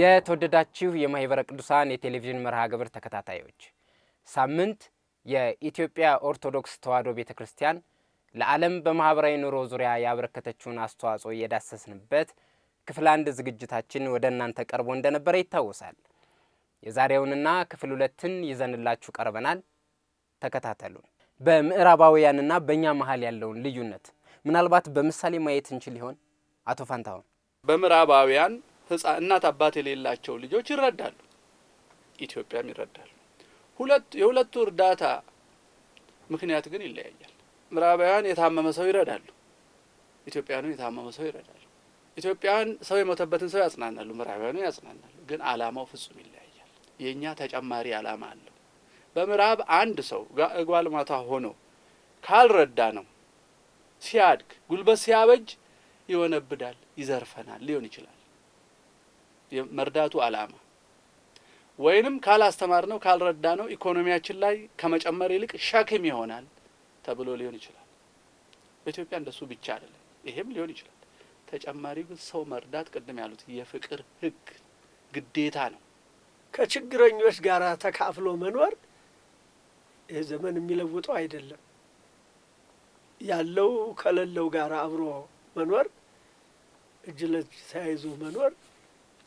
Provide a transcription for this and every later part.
የተወደዳችሁ የማህበረ ቅዱሳን የቴሌቪዥን መርሃ ግብር ተከታታዮች ሳምንት የኢትዮጵያ ኦርቶዶክስ ተዋሕዶ ቤተ ክርስቲያን ለዓለም በማኅበራዊ ኑሮ ዙሪያ ያበረከተችውን አስተዋጽኦ የዳሰስንበት ክፍል አንድ ዝግጅታችን ወደ እናንተ ቀርቦ እንደነበረ ይታወሳል። የዛሬውንና ክፍል ሁለትን ይዘንላችሁ ቀርበናል። ተከታተሉን። በምዕራባውያንና በእኛ መሀል ያለውን ልዩነት ምናልባት በምሳሌ ማየት እንችል ይሆን? አቶ ፋንታሁን በምዕራባውያን እናት አባት የሌላቸው ልጆች ይረዳሉ፣ ኢትዮጵያም ይረዳሉ። ሁለት የሁለቱ እርዳታ ምክንያት ግን ይለያያል። ምዕራባውያን የታመመ ሰው ይረዳሉ፣ ኢትዮጵያኑ የታመመ ሰው ይረዳሉ። ኢትዮጵያውያን ሰው የሞተበትን ሰው ያጽናናሉ፣ ምዕራባውያኑ ያጽናናሉ። ግን አላማው ፍጹም ይለያያል። የእኛ ተጨማሪ አላማ አለው። በምዕራብ አንድ ሰው ጓልማታ ሆኖ ካልረዳ ነው ሲያድግ ጉልበት ሲያበጅ ይወነብዳል፣ ይዘርፈናል ሊሆን ይችላል። የመርዳቱ አላማ ወይንም ካላስተማር ነው ካልረዳ ነው ኢኮኖሚያችን ላይ ከመጨመር ይልቅ ሸክም ይሆናል ተብሎ ሊሆን ይችላል። በኢትዮጵያ እንደሱ ብቻ አይደለም፣ ይሄም ሊሆን ይችላል። ተጨማሪው ግን ሰው መርዳት ቅድም ያሉት የፍቅር ህግ ግዴታ ነው። ከችግረኞች ጋር ተካፍሎ መኖር ይህ ዘመን የሚለውጠው አይደለም። ያለው ከሌለው ጋር አብሮ መኖር፣ እጅ ለእጅ ተያይዞ መኖር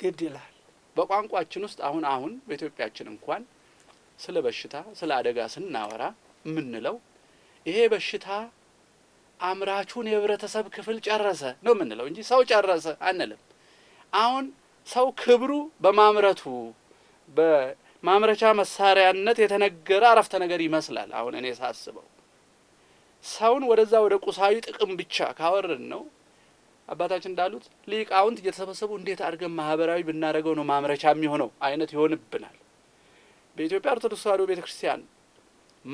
ግድ ይላል። በቋንቋችን ውስጥ አሁን አሁን በኢትዮጵያችን እንኳን ስለ በሽታ ስለ አደጋ ስናወራ የምንለው ይሄ በሽታ አምራቹን የህብረተሰብ ክፍል ጨረሰ ነው የምንለው እንጂ ሰው ጨረሰ አንልም። አሁን ሰው ክብሩ በማምረቱ በማምረቻ መሳሪያነት የተነገረ አረፍተ ነገር ይመስላል። አሁን እኔ ሳስበው ሰውን ወደዛ ወደ ቁሳዊ ጥቅም ብቻ ካወርን ነው አባታችን እንዳሉት ሊቃውንት እየተሰበሰቡ እንዴት አድርገን ማህበራዊ ብናደርገው ነው ማምረቻ የሚሆነው አይነት ይሆንብናል። በኢትዮጵያ ኦርቶዶክስ ተዋሕዶ ቤተ ክርስቲያን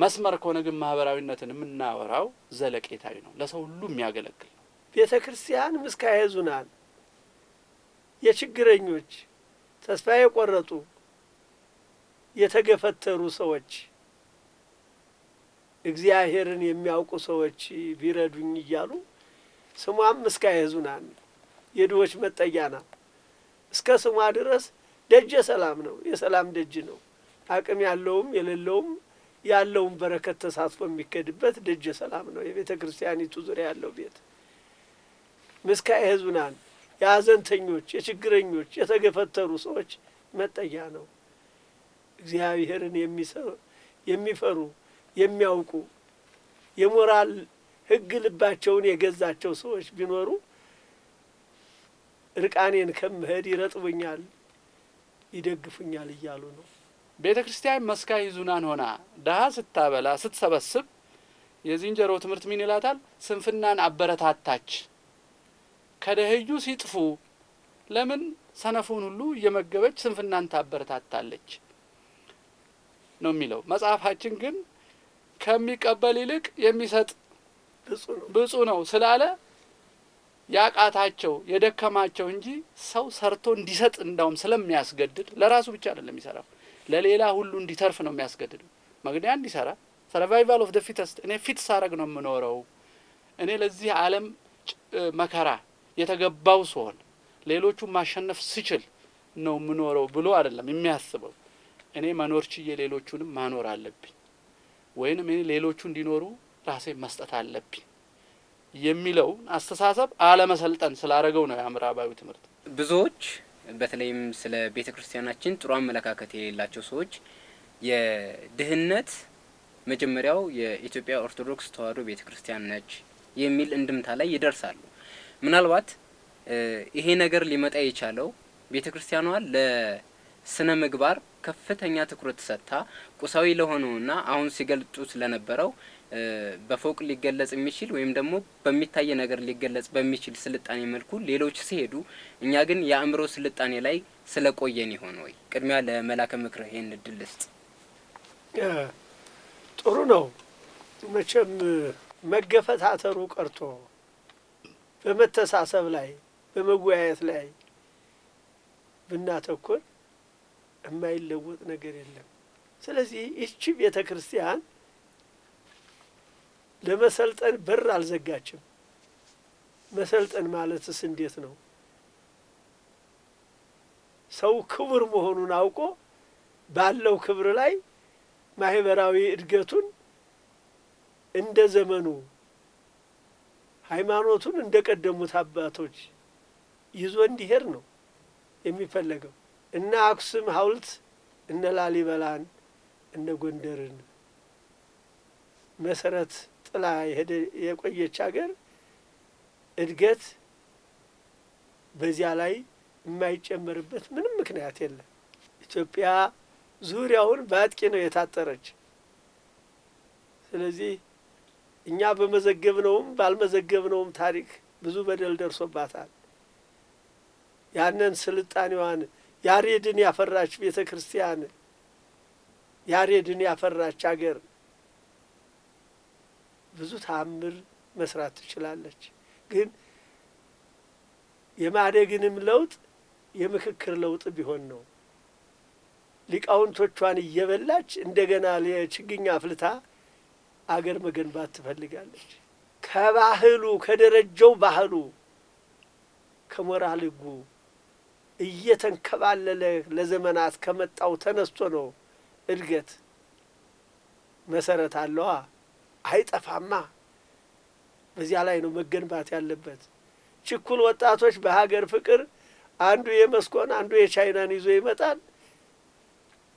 መስመር ከሆነ ግን ማህበራዊነትን የምናወራው ዘለቄታዊ ነው፣ ለሰው ሁሉ የሚያገለግል ነው። ቤተ ክርስቲያን ምስካየ ኅዙናን የችግረኞች ተስፋ የቆረጡ የተገፈተሩ ሰዎች እግዚአብሔርን የሚያውቁ ሰዎች ቢረዱኝ እያሉ ስሟም እስከ አይዙና የድሆች መጠጊያ ናት። እስከ ስሟ ድረስ ደጀ ሰላም ነው፣ የሰላም ደጅ ነው። አቅም ያለውም የሌለውም ያለውን በረከት ተሳትፎ የሚከድበት ደጀ ሰላም ነው። የቤተ ክርስቲያኒቱ ዙሪያ ያለው ቤት ምስካየ ሕዙናን የአዘንተኞች፣ የችግረኞች፣ የተገፈተሩ ሰዎች መጠጊያ ነው። እግዚአብሔርን የሚፈሩ የሚያውቁ የሞራል ህግ ልባቸውን የገዛቸው ሰዎች ቢኖሩ እርቃኔን ከመሄድ ይረጥቡኛል፣ ይደግፉኛል እያሉ ነው። ቤተ ክርስቲያን መስካ ይዙናን ሆና ድሀ ስታበላ ስትሰበስብ የዝንጀሮ ትምህርት ምን ይላታል? ስንፍናን አበረታታች። ከደህዩ ሲጥፉ ለምን ሰነፉን ሁሉ እየመገበች ስንፍናን ታበረታታለች ነው የሚለው መጽሐፋችን ግን ከሚቀበል ይልቅ የሚሰጥ ብፁ ነው ስላለ ያቃታቸው የደከማቸው እንጂ ሰው ሰርቶ እንዲሰጥ እንዳውም ስለሚያስገድድ ለራሱ ብቻ አይደለም የሚሰራው፣ ለሌላ ሁሉ እንዲተርፍ ነው የሚያስገድድ መግደያ እንዲሰራ ሰርቫይቫል ኦፍ ደ ፊተስት፣ እኔ ፊት ሳረግ ነው የምኖረው። እኔ ለዚህ አለም መከራ የተገባው ስሆን ሌሎቹ ማሸነፍ ስችል ነው የምኖረው ብሎ አይደለም የሚያስበው። እኔ መኖር ችዬ ሌሎቹንም ማኖር አለብኝ ወይንም እኔ ሌሎቹ እንዲኖሩ ራሴን መስጠት አለብኝ የሚለውን አስተሳሰብ አለመሰልጠን ስላደረገው ነው የምዕራባዊ ትምህርት። ብዙዎች በተለይም ስለ ቤተ ክርስቲያናችን ጥሩ አመለካከት የሌላቸው ሰዎች የድህነት መጀመሪያው የኢትዮጵያ ኦርቶዶክስ ተዋሕዶ ቤተ ክርስቲያን ነች የሚል እንድምታ ላይ ይደርሳሉ። ምናልባት ይሄ ነገር ሊመጣ የቻለው ቤተ ክርስቲያኗ ለስነ ምግባር ከፍተኛ ትኩረት ሰጥታ ቁሳዊ ለሆነውና አሁን ሲገልጡት ለነበረው በፎቅ ሊገለጽ የሚችል ወይም ደግሞ በሚታይ ነገር ሊገለጽ በሚችል ስልጣኔ መልኩ ሌሎች ሲሄዱ፣ እኛ ግን የአእምሮ ስልጣኔ ላይ ስለቆየን ይሆን ወይ? ቅድሚያ ለመላከ ምክር ይህን እድል ልስጥ። ጥሩ ነው። መቼም መገፈታተሩ ቀርቶ በመተሳሰብ ላይ በመወያየት ላይ ብናተኩር የማይለወጥ ነገር የለም። ስለዚህ ይቺ ቤተ ክርስቲያን ለመሰልጠን በር አልዘጋችም። መሰልጠን ማለትስ እንዴት ነው? ሰው ክቡር መሆኑን አውቆ ባለው ክብር ላይ ማህበራዊ እድገቱን እንደ ዘመኑ ሃይማኖቱን እንደ ቀደሙት አባቶች ይዞ እንዲሄድ ነው የሚፈለገው። እነ አክሱም ሐውልት እነ ላሊበላን እነ ጎንደርን መሰረት ጥላ የሄደ የቆየች ሀገር እድገት በዚያ ላይ የማይጨመርበት ምንም ምክንያት የለም። ኢትዮጵያ ዙሪያውን በአጥቂ ነው የታጠረች። ስለዚህ እኛ በመዘገብነውም ባልመዘገብነውም ታሪክ ብዙ በደል ደርሶባታል። ያንን ስልጣኔዋን ያሬድን ያፈራች ቤተ ክርስቲያን ያሬድን ያፈራች አገር ብዙ ተአምር መስራት ትችላለች። ግን የማደግንም ለውጥ የምክክር ለውጥ ቢሆን ነው። ሊቃውንቶቿን እየበላች እንደገና ችግኝ አፍልታ አገር መገንባት ትፈልጋለች። ከባህሉ ከደረጀው ባህሉ ከሞራል እየተንከባለለ ለዘመናት ከመጣው ተነስቶ ነው እድገት መሰረት አለዋ። አይጠፋማ። በዚያ ላይ ነው መገንባት ያለበት። ችኩል ወጣቶች በሀገር ፍቅር አንዱ የመስኮን አንዱ የቻይናን ይዞ ይመጣል፣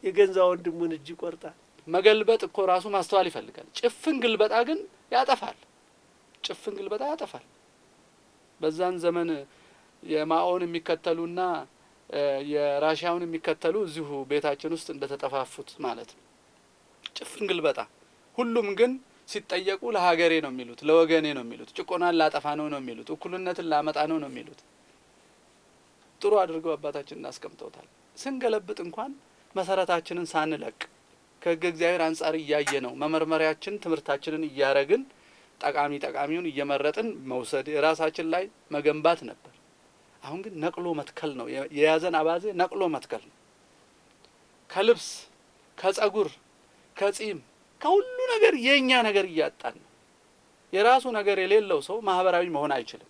የገንዛ ወንድሙን እጅ ይቆርጣል። መገልበጥ እኮ ራሱ ማስተዋል ይፈልጋል። ጭፍን ግልበጣ ግን ያጠፋል። ጭፍን ግልበጣ ያጠፋል። በዛን ዘመን የማኦን የሚከተሉና የራሽያውን የሚከተሉ እዚሁ ቤታችን ውስጥ እንደተጠፋፉት ማለት ነው። ጭፍን ግልበጣ ሁሉም ግን ሲጠየቁ ለሀገሬ ነው የሚሉት፣ ለወገኔ ነው የሚሉት፣ ጭቆናን ላጠፋ ነው ነው የሚሉት፣ እኩልነትን ላመጣ ነው ነው የሚሉት። ጥሩ አድርገው አባታችንን አስቀምጠውታል። ስንገለብጥ እንኳን መሰረታችንን ሳንለቅ ከህገ እግዚአብሔር አንጻር እያየ ነው መመርመሪያችን ትምህርታችንን እያረግን ጠቃሚ ጠቃሚውን እየመረጥን መውሰድ የራሳችን ላይ መገንባት ነበር። አሁን ግን ነቅሎ መትከል ነው የያዘን አባዜ፣ ነቅሎ መትከል ነው። ከልብስ ከጸጉር ከጺም ከሁሉ ነገር የእኛ ነገር እያጣን ነው። የራሱ ነገር የሌለው ሰው ማህበራዊ መሆን አይችልም።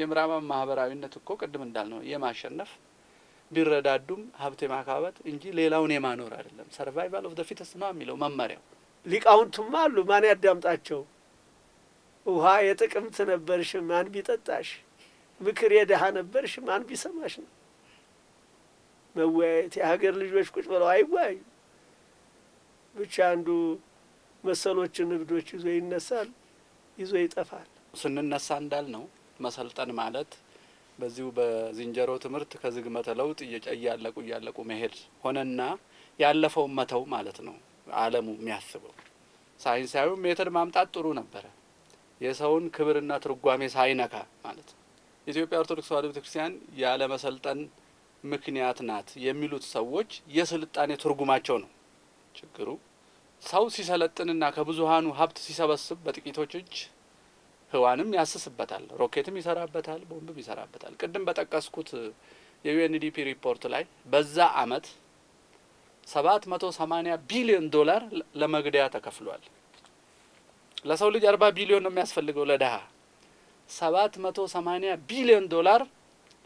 የምዕራባን ማህበራዊነት እኮ ቅድም እንዳልነው የማሸነፍ ቢረዳዱም ሀብት የማካበት እንጂ ሌላውን የማኖር አይደለም። ሰርቫይቫል ኦፍ ዘ ፊተስት ነው የሚለው መመሪያው። ሊቃውንቱም አሉ፣ ማን ያዳምጣቸው? ውሃ የጥቅምት ነበርሽ፣ ማን ቢጠጣሽ? ምክር የድሃ ነበርሽ፣ ማን ቢሰማሽ ነው? መወያየት የሀገር ልጆች ቁጭ ብለው አይወያዩ። ብቻ አንዱ መሰሎችን እብዶች ይዞ ይነሳል፣ ይዞ ይጠፋል። ስንነሳ እንዳል ነው መሰልጠን ማለት በዚሁ በዝንጀሮ ትምህርት ከዝግመተ ለውጥ እያለቁ እያለቁ መሄድ ሆነና ያለፈውን መተው ማለት ነው። ዓለሙ የሚያስበው ሳይንሳዊ ሜተድ ማምጣት ጥሩ ነበረ፣ የሰውን ክብርና ትርጓሜ ሳይነካ ማለት ነው። ኢትዮጵያ ኦርቶዶክስ ተዋሕዶ ቤተክርስቲያን ያለመሰልጠን ምክንያት ናት የሚሉት ሰዎች የስልጣኔ ትርጉማቸው ነው። ችግሩ ሰው ሲሰለጥንና ከብዙሃኑ ሀብት ሲሰበስብ በጥቂቶች እጅ ህዋንም ያስስበታል፣ ሮኬትም ይሰራበታል፣ ቦምብም ይሰራበታል። ቅድም በጠቀስኩት የዩኤንዲፒ ሪፖርት ላይ በዛ አመት ሰባት መቶ ሰማኒያ ቢሊዮን ዶላር ለመግደያ ተከፍሏል። ለሰው ልጅ አርባ ቢሊዮን ነው የሚያስፈልገው ለድሀ ሰባት መቶ ሰማኒያ ቢሊዮን ዶላር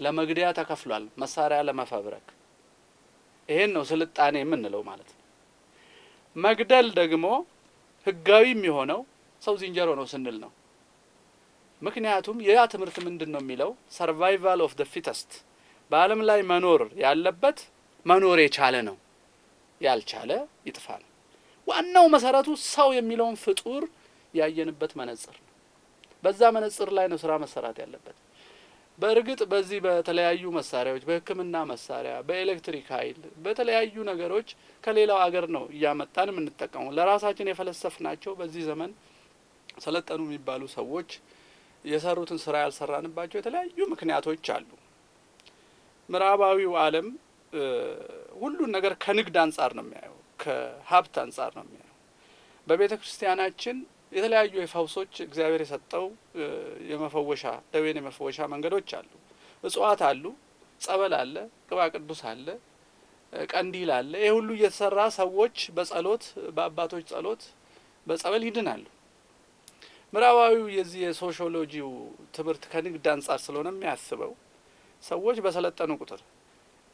ለመግደያ ተከፍሏል፣ መሳሪያ ለመፈብረክ። ይሄን ነው ስልጣኔ የምንለው ማለት ነው። መግደል ደግሞ ህጋዊ የሚሆነው ሰው ዝንጀሮ ነው ስንል ነው። ምክንያቱም የያ ትምህርት ምንድን ነው የሚለው ሰርቫይቫል ኦፍ ደ ፊተስት በዓለም ላይ መኖር ያለበት መኖር የቻለ ነው፣ ያልቻለ ይጥፋል። ዋናው መሰረቱ ሰው የሚለውን ፍጡር ያየንበት መነጽር ነው። በዛ መነጽር ላይ ነው ስራ መሰራት ያለበት። በእርግጥ በዚህ በተለያዩ መሳሪያዎች በሕክምና መሳሪያ በኤሌክትሪክ ኃይል በተለያዩ ነገሮች ከሌላው አገር ነው እያመጣን የምንጠቀመው። ለራሳችን የፈለሰፍ ናቸው። በዚህ ዘመን ሰለጠኑ የሚባሉ ሰዎች የሰሩትን ስራ ያልሰራንባቸው የተለያዩ ምክንያቶች አሉ። ምዕራባዊው ዓለም ሁሉን ነገር ከንግድ አንጻር ነው የሚያየው፣ ከሀብት አንጻር ነው የሚያየው። በቤተ ክርስቲያናችን የተለያዩ የፈውሶች እግዚአብሔር የሰጠው የመፈወሻ ደዌን የመፈወሻ መንገዶች አሉ። እጽዋት አሉ፣ ጸበል አለ፣ ቅባ ቅዱስ አለ፣ ቀንዲል አለ። ይህ ሁሉ እየተሰራ ሰዎች በጸሎት በአባቶች ጸሎት በጸበል ይድናሉ። ምዕራባዊው የዚህ የሶሽሎጂው ትምህርት ከንግድ አንጻር ስለሆነ የሚያስበው ሰዎች በሰለጠኑ ቁጥር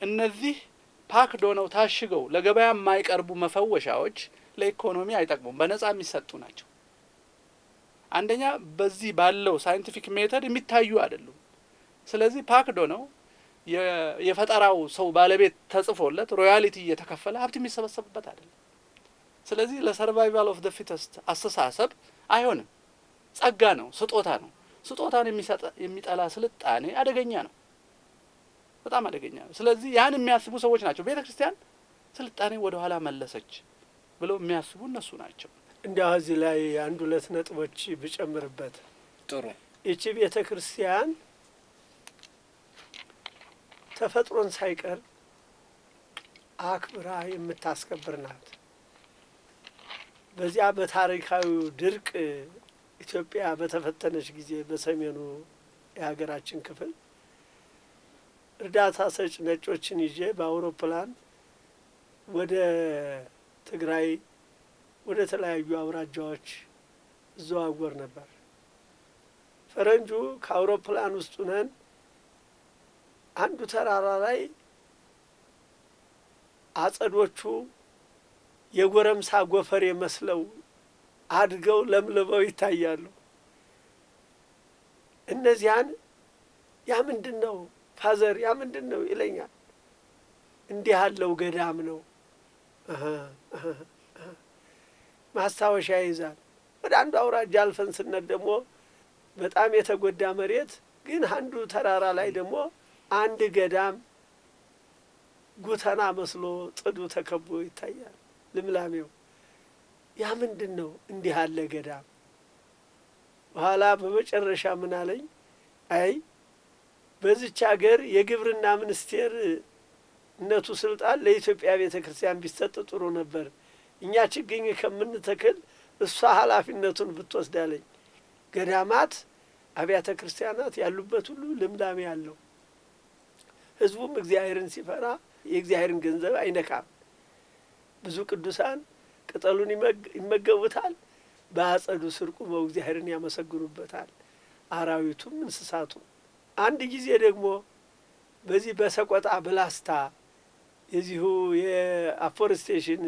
እነዚህ ፓክድ ሆነው ታሽገው ለገበያ የማይቀርቡ መፈወሻዎች ለኢኮኖሚ አይጠቅሙም፣ በነጻ የሚሰጡ ናቸው። አንደኛ በዚህ ባለው ሳይንቲፊክ ሜተድ የሚታዩ አይደሉም። ስለዚህ ፓክዶ ነው የፈጠራው ሰው ባለቤት ተጽፎለት ሮያሊቲ እየተከፈለ ሀብት የሚሰበሰብበት አይደለም። ስለዚህ ለሰርቫይቫል ኦፍ ደ ፊተስት አስተሳሰብ አይሆንም። ጸጋ ነው፣ ስጦታ ነው። ስጦታን የሚጠላ ስልጣኔ አደገኛ ነው፣ በጣም አደገኛ ነው። ስለዚህ ያን የሚያስቡ ሰዎች ናቸው ቤተ ክርስቲያን ስልጣኔ ወደኋላ መለሰች ብለው የሚያስቡ እነሱ ናቸው። እንዲያ እዚህ ላይ አንድ ሁለት ነጥቦች ብጨምርበት ጥሩ። ይቺ ቤተ ክርስቲያን ተፈጥሮን ሳይቀር አክብራ የምታስከብር ናት። በዚያ በታሪካዊው ድርቅ ኢትዮጵያ በተፈተነች ጊዜ በሰሜኑ የሀገራችን ክፍል እርዳታ ሰጭ ነጮችን ይዤ በአውሮፕላን ወደ ትግራይ ወደ ተለያዩ አውራጃዎች እዘዋወር ነበር። ፈረንጁ ከአውሮፕላን ውስጥ ሁነን አንዱ ተራራ ላይ አጸዶቹ የጎረምሳ ጎፈር መስለው አድገው ለምልበው ይታያሉ። እነዚያን ያ ምንድን ነው ፋዘር፣ ያ ምንድን ነው ይለኛል። እንዲህ ያለው ገዳም ነው። ማስታወሻ ይይዛል። ወደ አንዱ አውራጃ አልፈን ስነት ደግሞ በጣም የተጎዳ መሬት ግን አንዱ ተራራ ላይ ደግሞ አንድ ገዳም ጉተና መስሎ ጥዱ ተከቦ ይታያል ልምላሜው። ያ ምንድን ነው እንዲህ አለ ገዳም? በኋላ በመጨረሻ ምን አለኝ፣ አይ በዚች ሀገር የግብርና ሚኒስቴር እነቱ ስልጣን ለኢትዮጵያ ቤተ ክርስቲያን ቢሰጥ ጥሩ ነበር። እኛ ችግኝ ከምንተክል እሷ ኃላፊነቱን ብትወስዳለኝ። ገዳማት፣ አብያተ ክርስቲያናት ያሉበት ሁሉ ልምላሜ አለው። ህዝቡም እግዚአብሔርን ሲፈራ የእግዚአብሔርን ገንዘብ አይነካም። ብዙ ቅዱሳን ቅጠሉን ይመገቡታል። በአጸዱ ስር ቁመው እግዚአብሔርን ያመሰግኑበታል። አራዊቱም እንስሳቱም። አንድ ጊዜ ደግሞ በዚህ በሰቆጣ በላስታ የዚሁ የአፎረስቴሽን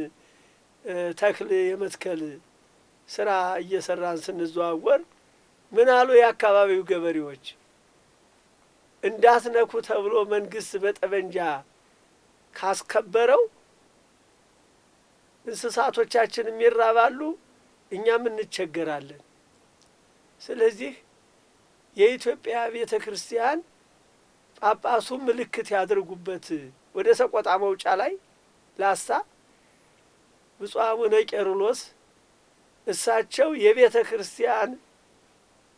ተክል የመትከል ስራ እየሰራን ስንዘዋወር ምን አሉ የአካባቢው ገበሬዎች፣ እንዳትነኩ ተብሎ መንግስት በጠበንጃ ካስከበረው እንስሳቶቻችንም ይራባሉ፣ እኛም እንቸገራለን። ስለዚህ የኢትዮጵያ ቤተ ክርስቲያን ጳጳሱ ምልክት ያድርጉበት ወደ ሰቆጣ መውጫ ላይ ላስታ ብፁዕ አቡነ ቄርሎስ እሳቸው የቤተ ክርስቲያን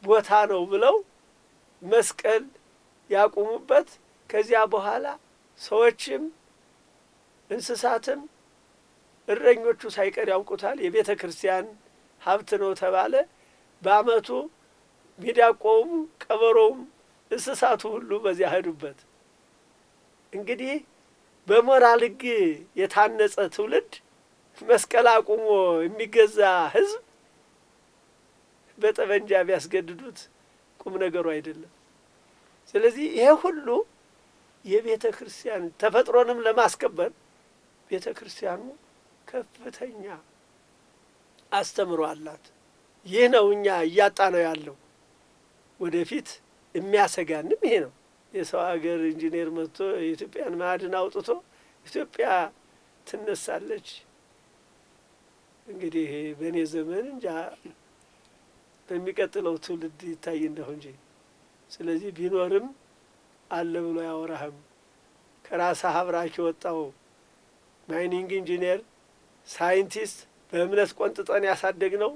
ቦታ ነው ብለው መስቀል ያቁሙበት። ከዚያ በኋላ ሰዎችም እንስሳትም እረኞቹ ሳይቀር ያውቁታል። የቤተ ክርስቲያን ሀብት ነው ተባለ። በአመቱ ሚዳቆውም፣ ቀበሮውም፣ እንስሳቱ ሁሉ በዚያ ሄዱበት። እንግዲህ በሞራል ሕግ የታነጸ ትውልድ መስቀል አቁሞ የሚገዛ ህዝብ በጠመንጃ ቢያስገድዱት ቁም ነገሩ አይደለም። ስለዚህ ይሄ ሁሉ የቤተ ክርስቲያን ተፈጥሮንም ለማስከበር ቤተ ክርስቲያኑ ከፍተኛ አስተምሮ አላት። ይህ ነው እኛ እያጣ ነው ያለው። ወደፊት የሚያሰጋንም ይሄ ነው። የሰው ሀገር ኢንጂነር መጥቶ የኢትዮጵያን ማዕድን አውጥቶ ኢትዮጵያ ትነሳለች እንግዲህ በእኔ ዘመን እንጃ በሚቀጥለው ትውልድ ይታይ እንደሁ እንጂ። ስለዚህ ቢኖርም አለ ብሎ አያወራህም። ከራስ ሀብራክ የወጣው ማይኒንግ ኢንጂነር፣ ሳይንቲስት በእምነት ቆንጥጠን ያሳደግ ነው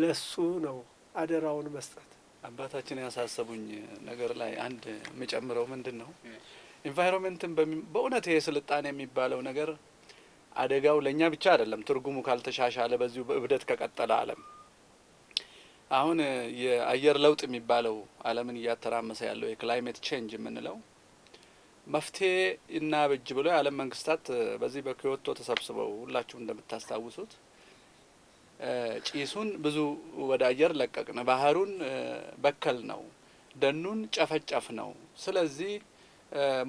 ለሱ ነው አደራውን መስጠት። አባታችን ያሳሰቡኝ ነገር ላይ አንድ የምጨምረው ምንድን ነው ኢንቫይሮንመንትን በእውነት ይሄ ስልጣኔ የሚባለው ነገር አደጋው ለእኛ ብቻ አይደለም። ትርጉሙ ካልተሻሻለ በዚሁ እብደት ከቀጠለ ዓለም አሁን የአየር ለውጥ የሚባለው ዓለምን እያተራመሰ ያለው የክላይሜት ቼንጅ የምንለው መፍትሄ እናብጅ ብሎ የዓለም መንግስታት በዚህ በኪዮቶ ተሰብስበው ሁላችሁም እንደምታስታውሱት ጭሱን ብዙ ወደ አየር ለቀቅ ነው፣ ባህሩን በከል ነው፣ ደኑን ጨፈጨፍ ነው። ስለዚህ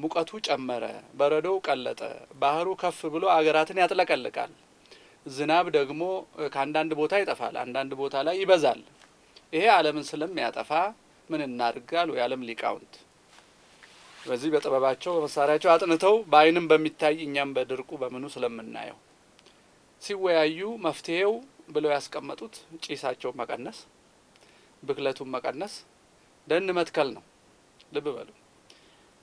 ሙቀቱ ጨመረ፣ በረዶው ቀለጠ፣ ባህሩ ከፍ ብሎ አገራትን ያጥለቀልቃል። ዝናብ ደግሞ ከአንዳንድ ቦታ ይጠፋል፣ አንዳንድ ቦታ ላይ ይበዛል። ይሄ ዓለምን ስለሚያጠፋ ምን እናድርጋሉ? የዓለም ሊቃውንት በዚህ በጥበባቸው በመሳሪያቸው አጥንተው በአይንም በሚታይ እኛም በድርቁ በምኑ ስለምናየው ሲወያዩ መፍትሄው ብለው ያስቀመጡት ጭሳቸው መቀነስ፣ ብክለቱን መቀነስ፣ ደን መትከል ነው። ልብ በሉ።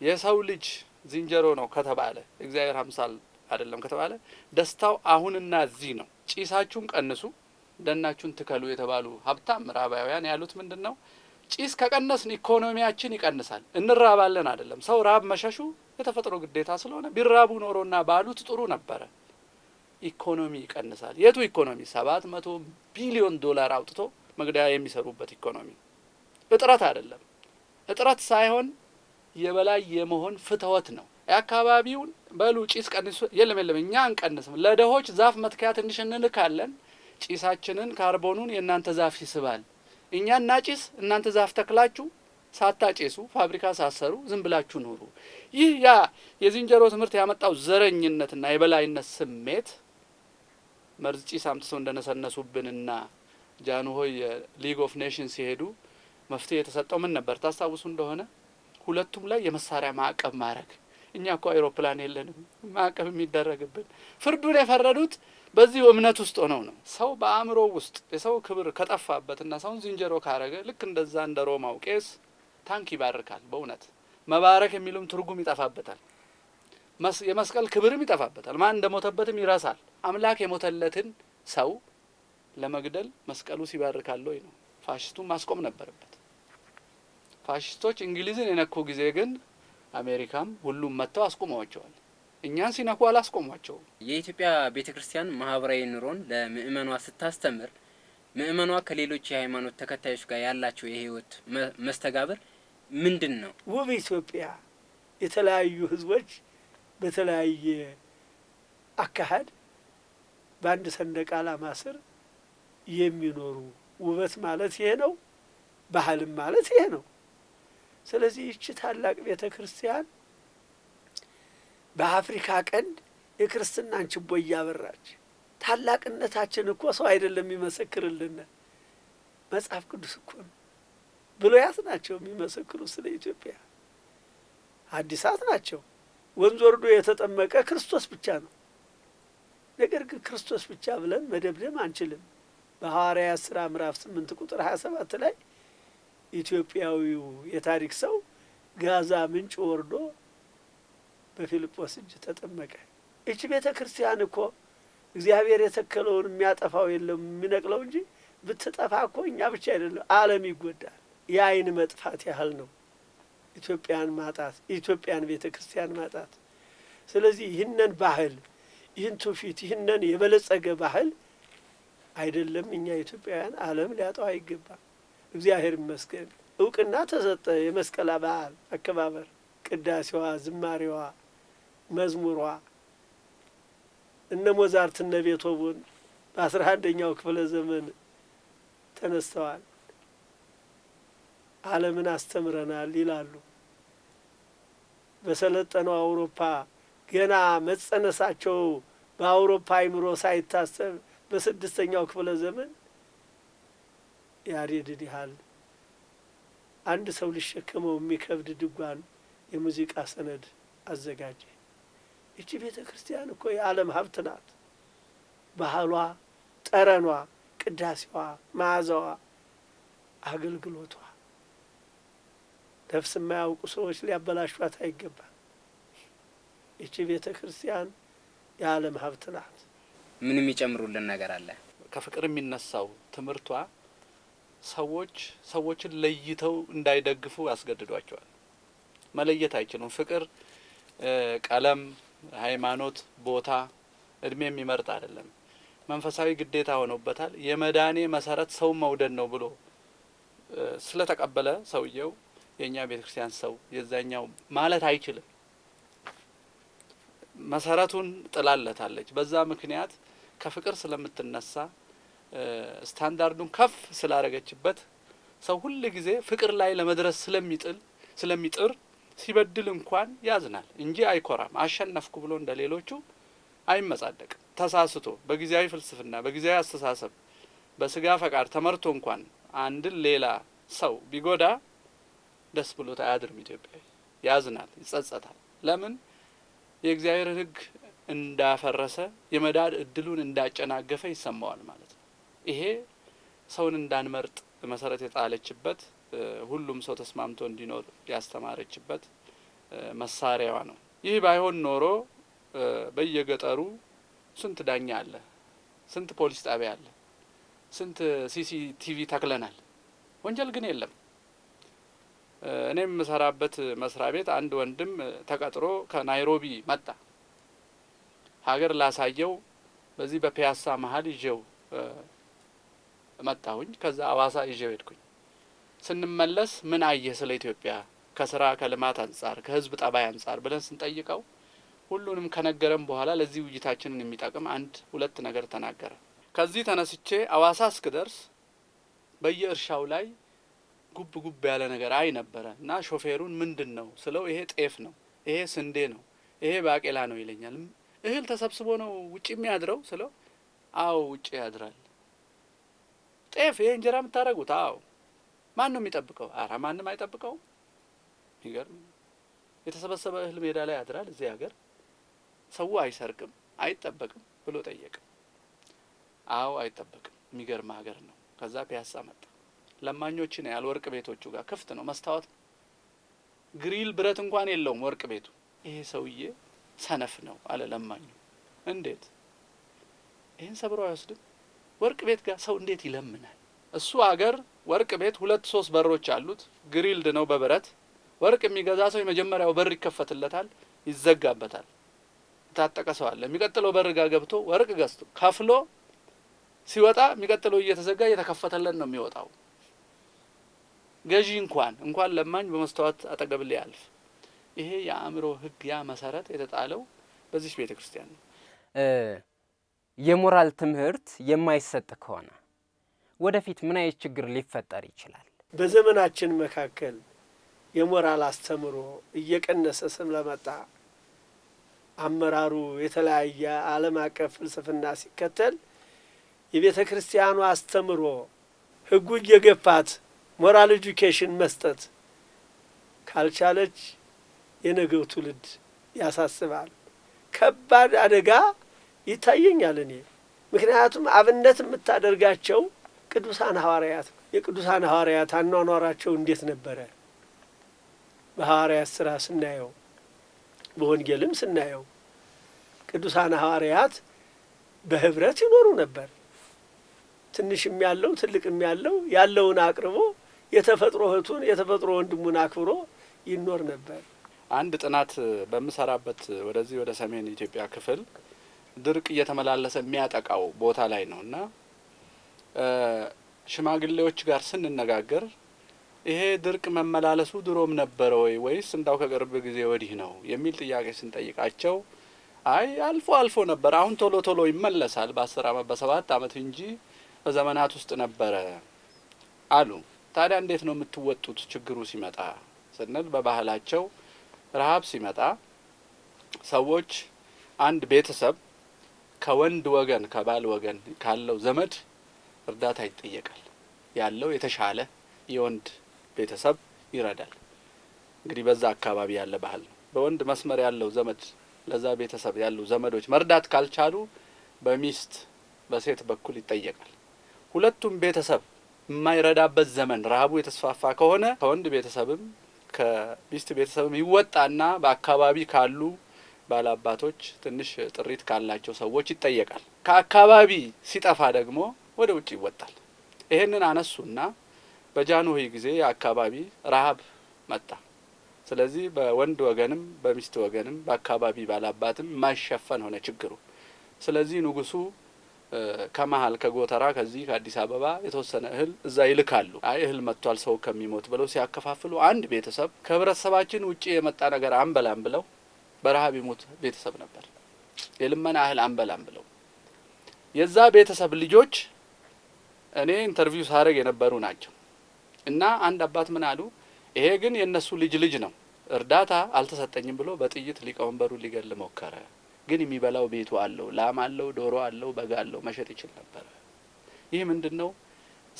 የሰው ልጅ ዝንጀሮ ነው ከተባለ እግዚአብሔር አምሳል አይደለም ከተባለ ደስታው አሁንና እዚህ ነው። ጭሳችሁን ቀንሱ፣ ደናችሁን ትከሉ የተባሉ ሀብታም ምዕራባውያን ያሉት ምንድን ነው? ጭስ ከቀነስን ኢኮኖሚያችን ይቀንሳል፣ እንራባለን አይደለም። ሰው ራብ መሸሹ የተፈጥሮ ግዴታ ስለሆነ ቢራቡ ኖሮና ባሉት ጥሩ ነበረ። ኢኮኖሚ ይቀንሳል። የቱ ኢኮኖሚ? ሰባት መቶ ቢሊዮን ዶላር አውጥቶ መግደያ የሚሰሩበት ኢኮኖሚ እጥረት አይደለም። እጥረት ሳይሆን የበላይ የመሆን ፍትወት ነው። የአካባቢውን በሉ ጭስ ቀንሱ። የለም የለም፣ እኛ አንቀንስም። ለደሆች ዛፍ መትከያ ትንሽ እንልካለን። ጭሳችንን ካርቦኑን የእናንተ ዛፍ ይስባል። እኛ እና ጭስ እናንተ ዛፍ ተክላችሁ ሳታጭሱ ፋብሪካ ሳሰሩ ዝም ብላችሁ ኑሩ። ይህ ያ የዝንጀሮ ትምህርት ያመጣው ዘረኝነትና የበላይነት ስሜት መርዝ ጭስ አምጥተው እንደነሰነሱብንና ጃንሆይ የሊግ ኦፍ ኔሽንስ ሲሄዱ መፍትሄ የተሰጠው ምን ነበር ታስታውሱ እንደሆነ ሁለቱም ላይ የመሳሪያ ማዕቀብ ማድረግ። እኛ እኮ አይሮፕላን የለንም ማዕቀብ የሚደረግብን። ፍርዱን የፈረዱት በዚህ እምነት ውስጥ ሆነው ነው። ሰው በአእምሮ ውስጥ የሰው ክብር ከጠፋበትና ሰውን ዝንጀሮ ካረገ ልክ እንደዛ እንደ ሮማው ቄስ ታንክ ይባርካል። በእውነት መባረክ የሚሉም ትርጉም ይጠፋበታል። የመስቀል ክብርም ይጠፋበታል። ማን እንደሞተበትም ይረሳል። አምላክ የሞተለትን ሰው ለመግደል መስቀሉ ሲባርካለ ነው። ፋሽስቱን ማስቆም ነበረበት። ፋሽስቶች እንግሊዝን የነኩ ጊዜ ግን አሜሪካም ሁሉም መጥተው አስቆመዋቸዋል። እኛን ሲነኩ አላስቆሟቸውም። የኢትዮጵያ ቤተ ክርስቲያን ማህበራዊ ኑሮን ለምእመኗ ስታስተምር ምእመኗ ከሌሎች የሃይማኖት ተከታዮች ጋር ያላቸው የህይወት መስተጋብር ምንድን ነው? ውብ ኢትዮጵያ የተለያዩ ህዝቦች በተለያየ አካሄድ በአንድ ሰንደቅ ዓላማ ስር የሚኖሩ ውበት ማለት ይሄ ነው። ባህልም ማለት ይሄ ነው። ስለዚህ ይቺ ታላቅ ቤተ ክርስቲያን በአፍሪካ ቀንድ የክርስትናን ችቦ እያበራች ታላቅነታችን እኮ ሰው አይደለም የሚመሰክርልን መጽሐፍ ቅዱስ እኮ ነው። ብሉያት ናቸው የሚመሰክሩ ስለ ኢትዮጵያ፣ አዲሳት ናቸው። ወንዝ ወርዶ የተጠመቀ ክርስቶስ ብቻ ነው። ነገር ግን ክርስቶስ ብቻ ብለን መደብደም አንችልም። በሐዋርያ ስራ ምዕራፍ ስምንት ቁጥር ሀያ ሰባት ላይ ኢትዮጵያዊው የታሪክ ሰው ጋዛ ምንጭ ወርዶ በፊልጶስ እጅ ተጠመቀ። እቺ ቤተ ክርስቲያን እኮ እግዚአብሔር የተከለውን የሚያጠፋው የለም የሚነቅለው እንጂ ብትጠፋ እኮ እኛ ብቻ አይደለም ዓለም ይጎዳል። የአይን መጥፋት ያህል ነው ኢትዮጵያን ማጣት፣ ኢትዮጵያን ቤተ ክርስቲያን ማጣት። ስለዚህ ይህንን ባህል ይህን ትውፊት ይህንን የበለጸገ ባህል አይደለም እኛ ኢትዮጵያውያን ዓለም ሊያጠው አይገባም። እግዚአብሔር ይመስገን እውቅና ተሰጠ። የመስቀል በዓል አከባበር፣ ቅዳሴዋ፣ ዝማሬዋ፣ መዝሙሯ እነ ሞዛርት እነ ቤቶቡን በአስራ አንደኛው ክፍለ ዘመን ተነስተዋል። ዓለምን አስተምረናል ይላሉ። በሰለጠነው አውሮፓ ገና መጸነሳቸው በአውሮፓ አይምሮ ሳይታሰብ በስድስተኛው ክፍለ ዘመን ያሬድ ያህል አንድ ሰው ሊሸከመው የሚከብድ ድጓን የሙዚቃ ሰነድ አዘጋጀ። ይቺ ቤተ ክርስቲያን እኮ የዓለም ሀብት ናት። ባህሏ፣ ጠረኗ፣ ቅዳሴዋ፣ መዓዛዋ፣ አገልግሎቷ ነፍስ የማያውቁ ሰዎች ሊያበላሿት አይገባል። ይቺ ቤተ ክርስቲያን የዓለም ሀብት ናት። ምን የሚጨምሩልን ነገር አለ? ከፍቅር የሚነሳው ትምህርቷ ሰዎች ሰዎችን ለይተው እንዳይደግፉ ያስገድዷቸዋል። መለየት አይችሉም። ፍቅር ቀለም፣ ሃይማኖት፣ ቦታ፣ እድሜ የሚመርጥ አይደለም። መንፈሳዊ ግዴታ ሆኖበታል። የመዳኔ መሰረት ሰው መውደድ ነው ብሎ ስለተቀበለ ሰውየው የእኛ ቤተ ክርስቲያን ሰው የዛኛው ማለት አይችልም። መሰረቱን ጥላለታለች። በዛ ምክንያት ከፍቅር ስለምትነሳ ስታንዳርዱን ከፍ ስላረገችበት ሰው ሁል ጊዜ ፍቅር ላይ ለመድረስ ስለሚጥል ስለሚጥር ሲበድል እንኳን ያዝናል እንጂ አይኮራም። አሸነፍኩ ብሎ እንደ ሌሎቹ አይመጻደቅም። ተሳስቶ በጊዜያዊ ፍልስፍና፣ በጊዜያዊ አስተሳሰብ፣ በስጋ ፈቃድ ተመርቶ እንኳን አንድን ሌላ ሰው ቢጎዳ ደስ ብሎት አያድርም ኢትዮጵያዊ። ያዝናል፣ ይጸጸታል። ለምን የእግዚአብሔርን ሕግ እንዳፈረሰ የመዳድ እድሉን እንዳጨናገፈ ይሰማዋል ማለት ነው። ይሄ ሰውን እንዳንመርጥ መሰረት የጣለችበት ሁሉም ሰው ተስማምቶ እንዲኖር ያስተማረችበት መሳሪያዋ ነው። ይህ ባይሆን ኖሮ በየገጠሩ ስንት ዳኛ አለ፣ ስንት ፖሊስ ጣቢያ አለ፣ ስንት ሲሲቲቪ ተክለናል። ወንጀል ግን የለም። እኔ የምሰራበት መስሪያ ቤት አንድ ወንድም ተቀጥሮ ከናይሮቢ መጣ። ሀገር ላሳየው በዚህ በፒያሳ መሀል ይዤው መጣሁኝ። ከዛ አዋሳ ይዤው ሄድኩኝ። ስንመለስ ምን አየህ ስለ ኢትዮጵያ ከስራ ከልማት አንጻር ከህዝብ ጠባይ አንጻር ብለን ስንጠይቀው ሁሉንም ከነገረም በኋላ ለዚህ ውይይታችንን የሚጠቅም አንድ ሁለት ነገር ተናገረ። ከዚህ ተነስቼ አዋሳ እስክደርስ በየእርሻው ላይ ጉብ ጉብ ያለ ነገር አይ ነበረ እና ሾፌሩን ምንድን ነው ስለው ይሄ ጤፍ ነው፣ ይሄ ስንዴ ነው፣ ይሄ ባቄላ ነው ይለኛል። እህል ተሰብስቦ ነው ውጭ የሚያድረው ስለው አዎ ውጭ ያድራል። ጤፍ ይሄ እንጀራ የምታደርጉት? አዎ። ማን ነው የሚጠብቀው? አረ ማንም አይጠብቀውም። ይገርም። የተሰበሰበ እህል ሜዳ ላይ ያድራል። እዚህ ሀገር ሰው አይሰርቅም፣ አይጠበቅም ብሎ ጠየቀ። አዎ አይጠበቅም። የሚገርም ሀገር ነው። ከዛ ፒያሳ መጣ። ለማኞች ነው ያል ወርቅ ቤቶቹ ጋር ክፍት ነው መስታወት ግሪል ብረት እንኳን የለውም ወርቅ ቤቱ። ይሄ ሰውዬ ሰነፍ ነው አለ ለማኙ። እንዴት ይህን ሰብሮ አይወስድም? ወርቅ ቤት ጋር ሰው እንዴት ይለምናል? እሱ አገር ወርቅ ቤት ሁለት ሶስት በሮች አሉት። ግሪልድ ነው በብረት ወርቅ የሚገዛ ሰው የመጀመሪያው በር ይከፈትለታል፣ ይዘጋበታል። የታጠቀ ሰው አለ። የሚቀጥለው በር ጋር ገብቶ ወርቅ ገዝቶ ከፍሎ ሲወጣ የሚቀጥለው እየተዘጋ እየተከፈተለን ነው የሚወጣው። ገዢ እንኳን እንኳን ለማኝ በመስተዋት አጠገብ ሊያልፍ። ይሄ የአእምሮ ህግ ያ መሰረት የተጣለው በዚች ቤተ ክርስቲያን ነው። የሞራል ትምህርት የማይሰጥ ከሆነ ወደፊት ምን አይነት ችግር ሊፈጠር ይችላል? በዘመናችን መካከል የሞራል አስተምሮ እየቀነሰ ስለመጣ አመራሩ የተለያየ ዓለም አቀፍ ፍልስፍና ሲከተል የቤተ ክርስቲያኑ አስተምሮ ሕጉ እየገፋት ሞራል ኤጁኬሽን መስጠት ካልቻለች የነገው ትውልድ ያሳስባል። ከባድ አደጋ ይታየኛል እኔ ምክንያቱም አብነት የምታደርጋቸው ቅዱሳን ሐዋርያት ነው። የቅዱሳን ሐዋርያት አኗኗራቸው እንዴት ነበረ? በሐዋርያት ስራ ስናየው፣ በወንጌልም ስናየው ቅዱሳን ሐዋርያት በህብረት ይኖሩ ነበር። ትንሽም ያለው ትልቅም ያለው ያለውን አቅርቦ የተፈጥሮ እህቱን የተፈጥሮ ወንድሙን አክብሮ ይኖር ነበር። አንድ ጥናት በምሰራበት ወደዚህ ወደ ሰሜን ኢትዮጵያ ክፍል ድርቅ እየተመላለሰ የሚያጠቃው ቦታ ላይ ነው እና ሽማግሌዎች ጋር ስንነጋገር ይሄ ድርቅ መመላለሱ ድሮም ነበረ ወይ ወይስ እንዳው ከቅርብ ጊዜ ወዲህ ነው የሚል ጥያቄ ስንጠይቃቸው አይ አልፎ አልፎ ነበር፣ አሁን ቶሎ ቶሎ ይመለሳል በአስር አመት በሰባት አመት እንጂ በዘመናት ውስጥ ነበረ አሉ። ታዲያ እንዴት ነው የምትወጡት ችግሩ ሲመጣ ስንል በባህላቸው ረሀብ ሲመጣ ሰዎች አንድ ቤተሰብ ከወንድ ወገን ከባል ወገን ካለው ዘመድ እርዳታ ይጠየቃል። ያለው የተሻለ የወንድ ቤተሰብ ይረዳል። እንግዲህ በዛ አካባቢ ያለ ባህል ነው። በወንድ መስመር ያለው ዘመድ ለዛ ቤተሰብ ያሉ ዘመዶች መርዳት ካልቻሉ በሚስት በሴት በኩል ይጠየቃል። ሁለቱም ቤተሰብ የማይረዳበት ዘመን ረሃቡ የተስፋፋ ከሆነ ከወንድ ቤተሰብም ከሚስት ቤተሰብም ይወጣና በአካባቢ ካሉ ባላባቶች ትንሽ ጥሪት ካላቸው ሰዎች ይጠየቃል። ከአካባቢ ሲጠፋ ደግሞ ወደ ውጭ ይወጣል። ይሄንን አነሱና በጃንሆይ ጊዜ የአካባቢ ረሀብ መጣ። ስለዚህ በወንድ ወገንም በሚስት ወገንም በአካባቢ ባላባትም ማይሸፈን ሆነ ችግሩ። ስለዚህ ንጉሱ ከመሀል ከጎተራ ከዚህ ከአዲስ አበባ የተወሰነ እህል እዛ ይልካሉ። አይ እህል መጥቷል ሰው ከሚሞት ብለው ሲያከፋፍሉ አንድ ቤተሰብ ከህብረተሰባችን ውጭ የመጣ ነገር አንበላም ብለው በረሃብ የሞት ቤተሰብ ነበር። የልመና እህል አንበላም ብለው የዛ ቤተሰብ ልጆች እኔ ኢንተርቪው ሳደርግ የነበሩ ናቸው። እና አንድ አባት ምን አሉ፣ ይሄ ግን የእነሱ ልጅ ልጅ ነው፣ እርዳታ አልተሰጠኝም ብሎ በጥይት ሊቀመንበሩ ሊገል ሞከረ። ግን የሚበላው ቤቱ አለው፣ ላም አለው፣ ዶሮ አለው፣ በግ አለው፣ መሸጥ ይችል ነበረ። ይህ ምንድን ነው?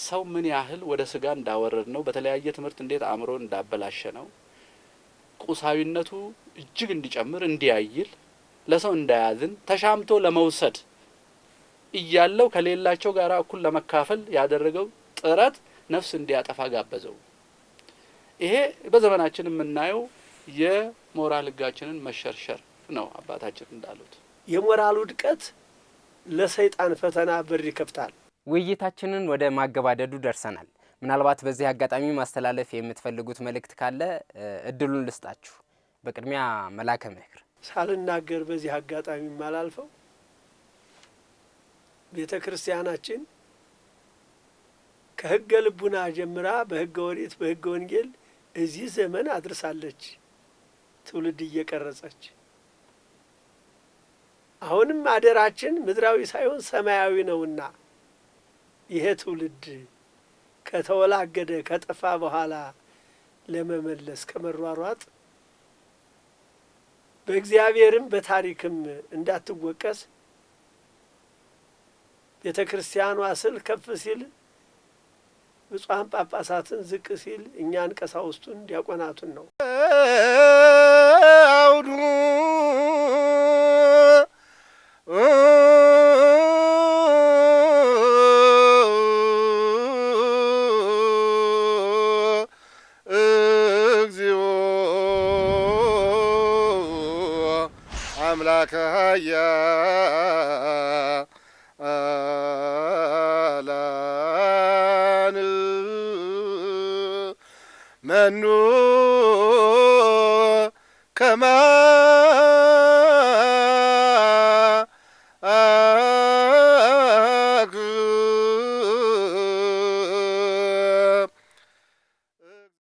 ሰው ምን ያህል ወደ ስጋ እንዳወረድ ነው፣ በተለያየ ትምህርት እንዴት አእምሮ እንዳበላሸ ነው። ቁሳዊነቱ እጅግ እንዲጨምር እንዲያይል ለሰው እንዳያዝን ተሻምቶ ለመውሰድ እያለው ከሌላቸው ጋር እኩል ለመካፈል ያደረገው ጥረት ነፍስ እንዲያጠፋ ጋበዘው። ይሄ በዘመናችን የምናየው የሞራል ሕጋችንን መሸርሸር ነው። አባታችን እንዳሉት የሞራል ውድቀት ለሰይጣን ፈተና በር ይከፍታል። ውይይታችንን ወደ ማገባደዱ ደርሰናል። ምናልባት በዚህ አጋጣሚ ማስተላለፍ የምትፈልጉት መልእክት ካለ እድሉን ልስጣችሁ። በቅድሚያ መላከ ምክር ሳልናገር በዚህ አጋጣሚ የማላልፈው ቤተ ክርስቲያናችን ከህገ ልቡና ጀምራ በህገ ወሪት በህገ ወንጌል እዚህ ዘመን አድርሳለች። ትውልድ እየቀረጸች አሁንም አደራችን ምድራዊ ሳይሆን ሰማያዊ ነውና ይሄ ትውልድ ከተወላገደ ከጠፋ በኋላ ለመመለስ ከመሯሯጥ በእግዚአብሔርም በታሪክም እንዳትወቀስ ቤተ ክርስቲያኗ ስል ከፍ ሲል ብፁዓን ጳጳሳትን ዝቅ ሲል እኛን ቀሳውስቱን ዲያቆናቱን ነው አውዱ